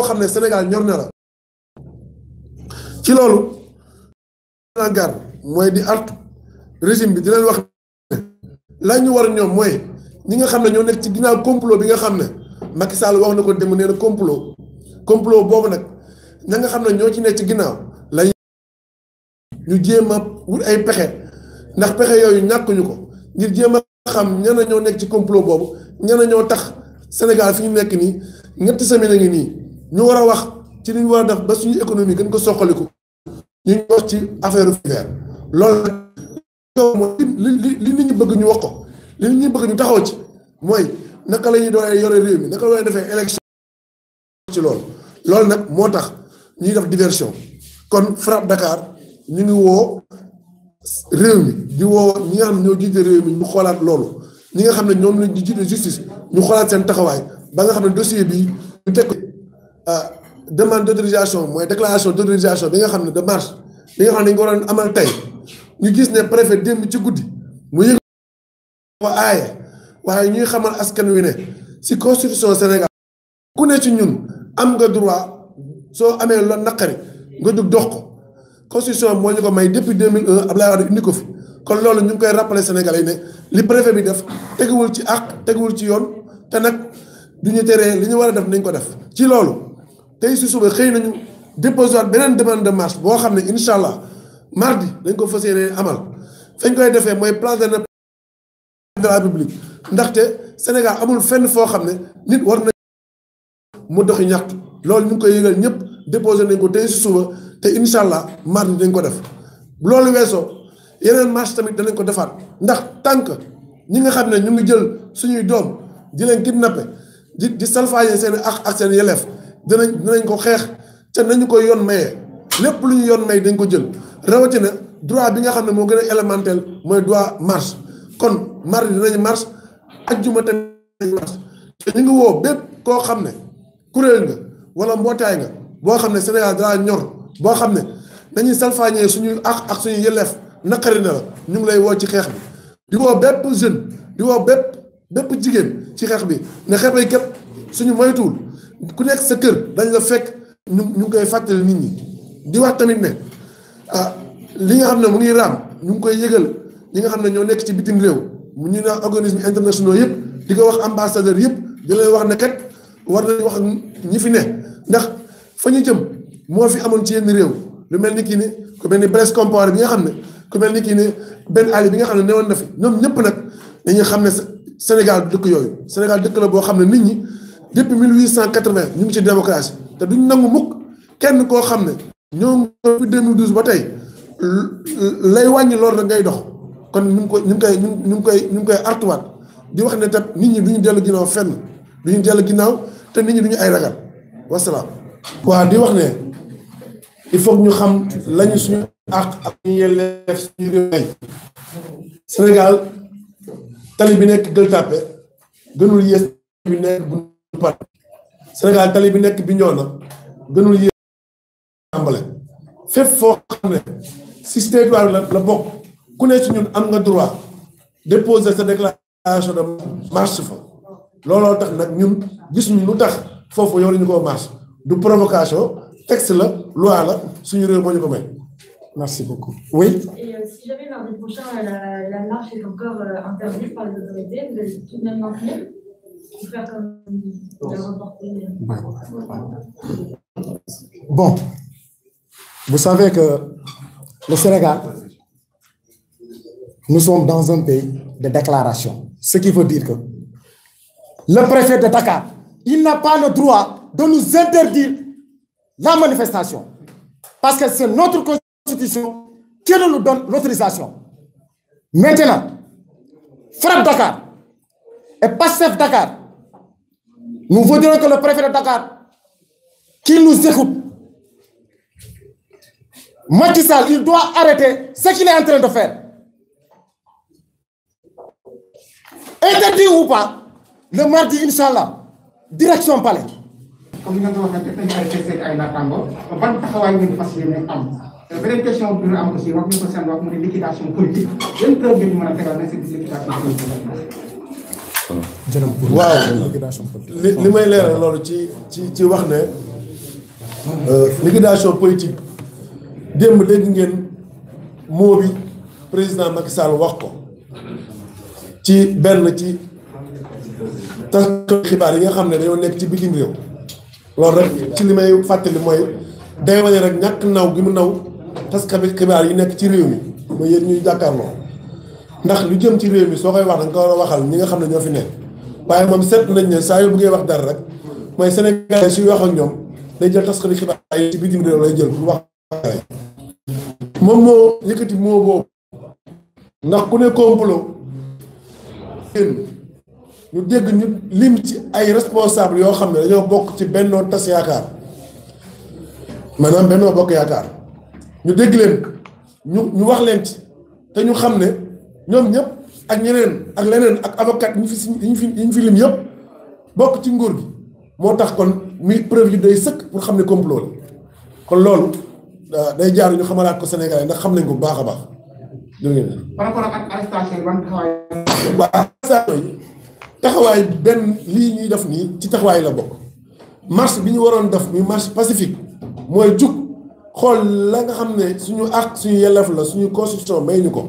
koo xam ne Sénégal ñor na la ci loolu na gar mooy di artu régime bi di leen wax la ñu war ñoom mooy ñi nga xam ne ñoo nekk ci ginnaaw complot bi nga xam ne Macky Sall wax na ko dem nee na complot complot boobu nag ña nga xam ne ñoo ci nekk ci ginnaaw lañ ñu jéem a wut ay pexe ndax pexe yooyu ñàkkuñu ko ngir jéem a xam ñan ñoo nekk ci complot boobu ñan ñoo tax Sénégal fi ñu nekk nii ñetti semaine a ngi nii ñu war a wax ci li ñu war a def ba suñu économie gën ko soqaliku ñu ngi wax ci affaire vert loolu li li li nit bëgg ñu wax ko li bëgg ñu taxaw ci mooy naka la ñuy doon yore réew mi naka la defee élection ci loolu loolu nag moo tax ñuy def diversion kon FRAPP Dakar ñu ngi woo réew mi di woo ñi nga xam ñoo jiite réew mi ñu xoolaat loolu ñi nga xam ne ñoom lañ di jiite justice ñu xoolaat seen taxawaay ba nga xam ne dossier bi ñu teg Euh, demande d' mooy déclaration d' autorisation bi nga xam ne de marche bi nga xam dañ ko waroon amal tey ñu gis ne préfet démb ci guddi mu yëg ko aaye waaye ñuy xamal askan wi ne si constitution Sénégal ku ne ci ñun am nga droit soo amee loolu naqari nga dug dox ko constitution moo ñu ko may depuis 2001 Abdoulaye Wade indi ko fi kon loolu ñu ngi koy rappeler Sénégalais yi ne li préfet bi def teguwul ci àq teguwul ci yoon te nag du ñu teree li ñu war a def nañ ko def ci loolu. tey si suba xëy nañu déposé waat beneen demande de marche boo xam ne incha allah mardi dañ ko fas yéene amal fañ koy defee mooy place de la ndaxte Sénégal amul fenn foo xam ne nit war na mu doxi ñàkk loolu ñu ngi koy yëgal ñëpp déposé nañ ko tey si suba te incha allah mardi dañ ko def loolu weesoo yeneen marche tamit danañ ko defaat ndax tànk ñi nga xam ne ñu ngi jël suñuy doom di leen kidnappé di di salfaañe seen ak ak seen yelleef dinañ danañ ko xeex te nañu ko yoon mayee lépp lu ñu yoon may dañ ko jël rawatina droit bi nga xam ne moo gën a élémentaire mooy droit marche kon mardi dinañ marche ajjuma tamit dinañ te ñu ngi woo bépp koo xam ne kuréel nga wala mbootaay nga boo xam ne Sénégal dara ñor boo xam ne nañuy salfaañee suñuy àq ak suñuy yelleef naqari na la ñu ngi lay woo ci xeex bi di woo bépp jeune di woo bépp bépp jigéen ci xeex bi nga xeex bi képp suñu moytuwul ku nekk sa kër dañ la fekk ñu ñu ngi koy fàttali nit ñi di wax tamit ne ah li nga xam ne mu ngi raam ñu ngi koy yëgal ñi nga xam ne ñoo nekk ci bitim réew mu ñu naan organisme internationaux yëpp di ko wax ambassadeur yëpp di wax ne kat war nañ wax ñi fi ne ndax fa ñu jëm moo fi amoon ci yenn réew lu mel ni kii ni ku mel ni Blaise Compaoré nga xam ne ku mel ni kii ni Ben Ali bi nga xam ne newoon na fi ñoom ñëpp nag dañuy xam ne Sénégal dëkk yooyu Sénégal dëkk la boo xam ne nit ñi depuis 1880 ñu ngi ci démocratie te duñ nangu mukk kenn koo xam ne ñoo ngi 2012 ba tey lay wàññi loolu la ngay dox kon ñu ngi koy ñu ngi koy ñu ngi koy ñu ngi koy artuwaat di wax ne tam nit ñi du ñu dellu ginnaaw fenn du dellu ginnaaw te nit ñi du ñu ay ragal wasalaam. waa di wax ne il foog ñu xam lañu suñu àq ak ñu yelleef suñu réew Sénégal tali bi nekk Gueule Tapée gënul yées bi nekk parti Sénégal tali bi nekk bi ñoo na gënul yéen tàmbale fépp foo xam ne si territoire la la bokk ku ne si ñun am nga droit déposer sa déclaration de marche fa looloo tax nag ñun gisuñu lu tax foofu yow la ñu koo marche du provocation texte la loi la suñu réew moo ñu ko may merci beaucoup oui. Et euh, si euh, la, la marche est encore euh, interdite pour faire comme de Bon, vous savez que le Sénégal, nous sommes dans un pays de déclaration. Ce qui veut dire que le préfet de Dakar, il n'a pas le droit de nous interdire la manifestation. Parce que c'est notre constitution qui nous donne l'autorisation. Maintenant, frappe Dakar et PASSEF Dakar Nous voudrions que le préfet de Dakar, qu'il nous écoute. Macky Sall, il doit arrêter ce qu'il de faire. Interdit ou pas, le mardi inchallah direction palais. comme ni nga ko waxee dañ taxawaay ngeen fas am beneen question bi nga am politique yan kër gi ñu na seen liquidation politique. waaw li li may leeral loolu ci ci ci wax ne euh, liquidation politique démb dégg ngeen moo bi président Macky Sall wax ko ci benn ci tas xibaar yi nga xam ne dañoo nekk ci bitim réew loolu rek ci li may fàttali mooy day wane rek ñàkk naw gi mu naw tas xibaar yi nekk ci réew mi mooy yéen ñuy jàkkaarloo ndax lu jëm ci réew mi soo koy wax da nga ko waxal ñi nga xam ne ñoo fi ne waaye moom seetlu nañ ne saa yu bëggee wax dara rek mooy Sénégal suy wax ak ñoom day jël taskati xibaar yi ci bitim réew lay jël pour wax moom moo yëkkati moo boobu ndax ku ne complot ñu dégg ñu lim ci ay responsable yoo xam ne dañoo bokk ci bennoo tas yaakaar maanaam bennoo bokk yaakaar ñu dégg leen ñu ñu wax leen ci te ñu xam ne ñoom ñëpp ak ñeneen ak leneen ak avocat ñu fi si ñu fi ñu yëpp bokk ci nguur gi moo tax kon mi preuve yi day sëkk pour xam ne complot la kon loolu euh, day jaar ñu xamalaat ko sénégal yi ndax xam nañ ko bu baax a baax. jërëjëf par rapport ak arrestation taxawaay. benn lii ñuy def nii ci taxawaay la bokk marche bi ñu waroon def muy marche pacifique mooy jug xool la nga xam ne suñu àq suñu yelleef la suñu constitution may ñu ko.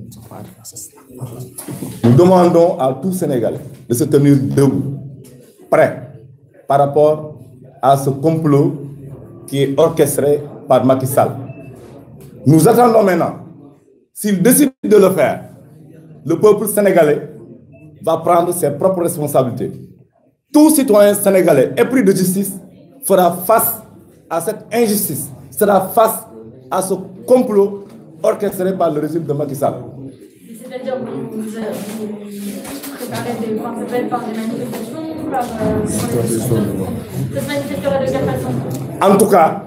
Nous demandons à tout Sénégalais de se tenir debout, prêt par rapport à ce complot qui est orchestré par Macky Sall. Nous attendons maintenant, s'il décide de le faire, le peuple sénégalais va prendre ses propres responsabilités. Tout citoyen sénégalais épris de justice fera face à cette injustice, sera face à ce complot orchestré par le régime de Macky En tout cas,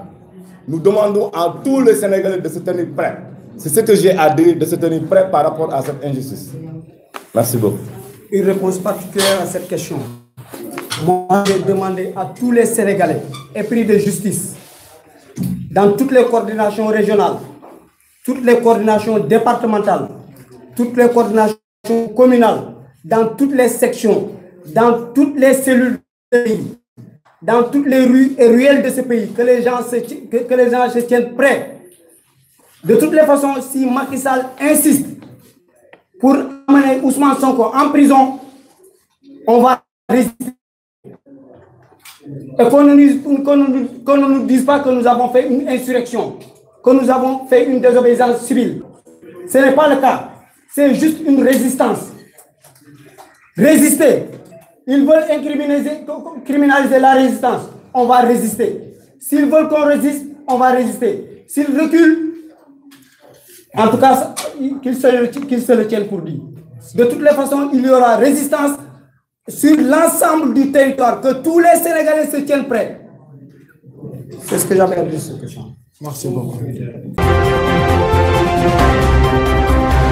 nous demandons à tous les Sénégalais de se tenir prêts. C'est ce que j'ai à dire, de se tenir prêts par rapport à cette injustice. Merci beaucoup. Une réponse particulière à cette question. Moi, j'ai demandé à tous les Sénégalais, épris de justice, dans toutes les coordinations régionales, toutes les coordinations départementales, toutes les coordinations communales, dans toutes les sections, dans toutes les cellules du dans toutes les rues et ruelles de ce pays, que les gens que, les gens se tiennent prêts. De toutes les façons, si Macky insiste pour amener Ousmane Sonko en prison, on va résister. Et qu'on nous, nous dise pas que nous avons fait une insurrection, que nous avons fait une désobéissance civile. Ce n'est pas le cas. c'est juste une résistance. Résister. Ils veulent incriminaliser, la résistance. On va résister. S'ils veulent qu'on résiste, on va résister. S'ils reculent, en tout cas, qu'ils se, qu se, le tiennent pour dit. De toutes les façons, il y aura résistance sur l'ensemble du territoire, que tous les Sénégalais se tiennent prêts. C'est ce que j'avais à dire sur Merci beaucoup.